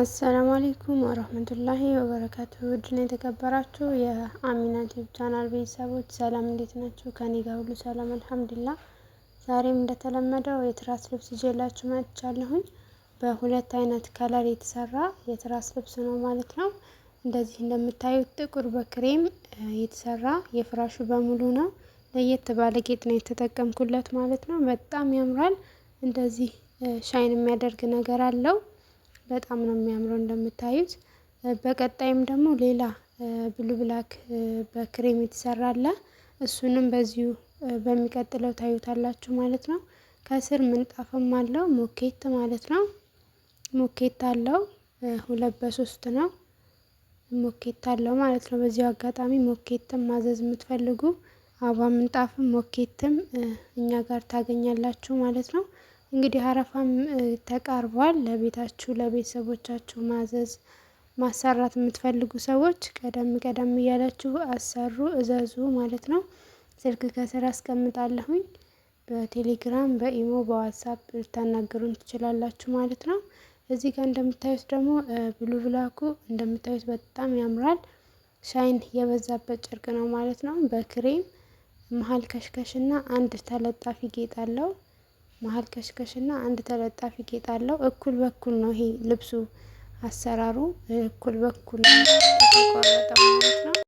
አሰላሙ አሌይኩም ወረህመቱላሂ ወበረካቱ ውድና የተከበራችሁ የአሚና ቲዩብ ቻናል ቤተሰቦች ሰላም እንዴት ናችሁ? ከኔ ጋር ሁሉ ሰላም አልሐምዱላ። ዛሬም እንደተለመደው የትራስ ልብስ ይዤላችሁ መጥቻለሁኝ። በሁለት አይነት ከለር የተሰራ የትራስ ልብስ ነው ማለት ነው። እንደዚህ እንደምታዩት ጥቁር በክሬም የተሰራ የፍራሹ በሙሉ ነው። ለየት ባለ ጌጥ ነው የተጠቀምኩለት ማለት ነው። በጣም ያምራል። እንደዚህ ሻይን የሚያደርግ ነገር አለው። በጣም ነው የሚያምረው እንደምታዩት። በቀጣይም ደግሞ ሌላ ብሉ ብላክ በክሬም የተሰራ አለ። እሱንም በዚሁ በሚቀጥለው ታዩታላችሁ ማለት ነው። ከስር ምንጣፍም አለው ሞኬት ማለት ነው። ሞኬት አለው ሁለት በሶስት ነው ሞኬት አለው ማለት ነው። በዚሁ አጋጣሚ ሞኬትም ማዘዝ የምትፈልጉ አበባ ምንጣፍም ሞኬትም እኛ ጋር ታገኛላችሁ ማለት ነው። እንግዲህ አረፋም ተቃርቧል። ለቤታችሁ ለቤተሰቦቻችሁ ማዘዝ ማሰራት የምትፈልጉ ሰዎች ቀደም ቀደም እያላችሁ አሰሩ እዘዙ ማለት ነው። ስልክ ከስር አስቀምጣለሁኝ። በቴሌግራም በኢሞ በዋትሳፕ ልታናገሩን ትችላላችሁ ማለት ነው። እዚህ ጋር እንደምታዩት ደግሞ ብሉ ብላኩ እንደምታዩት በጣም ያምራል። ሻይን የበዛበት ጨርቅ ነው ማለት ነው። በክሬም መሀል ከሽከሽ እና አንድ ተለጣፊ ጌጥ አለው። መሀል ከሽከሽ እና አንድ ተለጣፊ ጌጥ አለው። እኩል በኩል ነው ይሄ ልብሱ አሰራሩ እኩል በኩል ነው የተቆረጠው ማለት ነው።